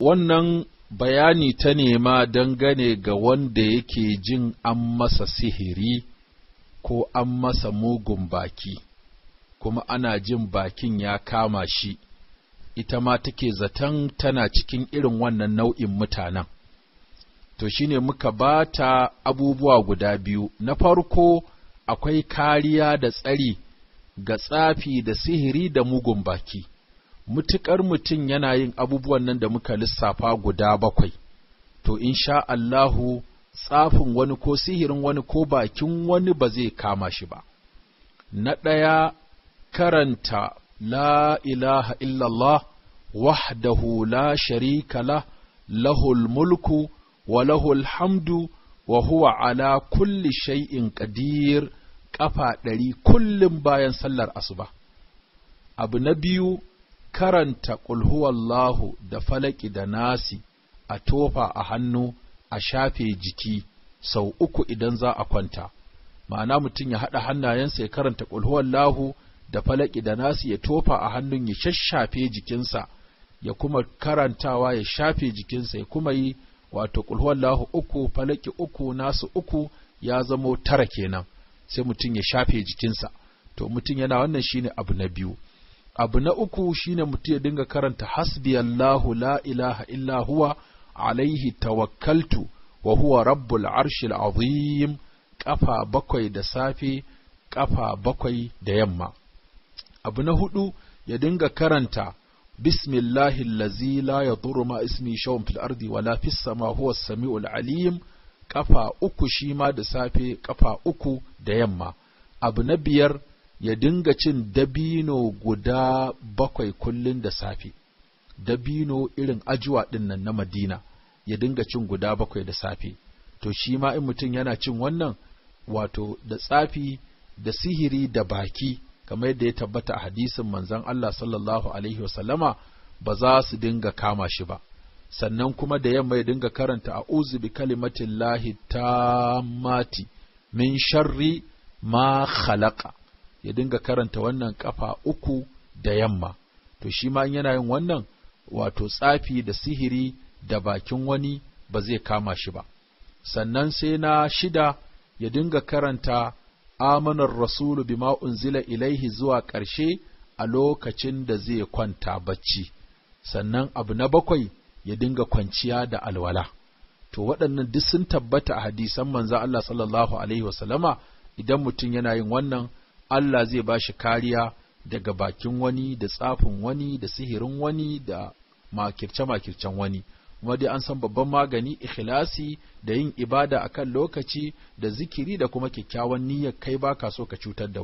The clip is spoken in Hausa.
wannan bayani ta nema dangane ga wanda yake jin an masa sihiri ko an masa mugun baki, kuma ana jin bakin ya kama shi, ita ma take zaton tana cikin irin wannan nau'in mutanen. To shi ne muka ba ta abubuwa guda biyu, na farko akwai kariya da tsari ga tsafi da sihiri da mugun baki. mutuƙar mutum yana yin abubuwan nan da muka lissafa guda bakwai to in sha Allahu tsafin wani ko sihirin wani ko bakin wani ba zai kama shi ba na ɗaya karanta la ilaha illallah wahdahu la sharika la lahul mulku wa lahul hamdu wa huwa ala kulli shay'in qadir kafa ɗari kullum bayan sallar asuba abu na biyu karanta Lahu da falaki da nasi a tofa a hannu a shafe jiki sau uku idan za a kwanta, ma'ana mutum ya haɗa hannayensa ya karanta Lahu da falaki da nasi ya tofa a hannun ya shashafe jikinsa, ya kuma karantawa ya shafe jikinsa ya kuma yi wato Lahu uku falaki uku nasu uku ya zamo tara kenan sai mutum ya shafe jikinsa, to mutum yana wannan shine abu na biyu. abu na uku shine mutum ya dinga karanta Allahu la ilaha illa huwa alaihi tawakkaltu wa huwa rabbul arshil azim kafa bakwai da safe kafa bakwai da yamma abu na hudu ya dinga karanta bismillahi allazi la yadurru ma ismi shawun fil ardi wala fis sama huwa samiul alim kafa uku shi ma da safe kafa uku da yamma abu na biyar ya dinga cin dabino guda bakwai kullum da safe dabino irin ajiwa ɗin nan na madina ya dinga cin guda bakwai da safe to shi ma in mutum yana cin wannan wato da tsafi da sihiri da baki kamar yadda ya tabbata a hadisin manzon Allah sallallahu alaihi wasallama ba za su dinga kama shi ba sannan kuma da yamma ya dinga karanta uzu bi kalimatin lahi mati min sharri ma khalaqa ya dinga karanta wannan kafa uku da yamma to shi ma yana yin wannan wato tsafi da sihiri da bakin wani ba zai kama shi ba sannan sai na shida ya dinga karanta amanar rasulu bima unzila ilaihi zuwa ƙarshe a lokacin da zai kwanta bacci sannan abu na bakwai ya dinga kwanciya da alwala to waɗannan duk sun tabbata a hadisan manzo Allah sallallahu alaihi wasallama idan mutum yana yin wannan Allah zai ba shi kariya daga bakin wani da tsafin wani da sihirin wani da makirce-makircen wani kuma dai an san babban magani ikhlasi da yin ibada a kan lokaci da zikiri da kuma kyakkyawan niyyar kai baka so ka cutar da